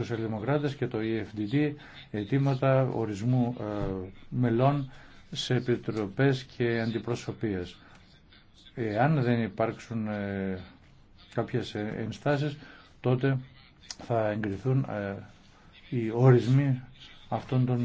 Σοσιαλδημοκράτες και το EFDD αιτήματα ορισμού ε, μελών σε επιτροπές και αντιπροσωπείες. Εάν δεν υπάρξουν ε, κάποιες ενστάσεις, τότε θα εγκριθούν ε, οι ορισμοί αυτών των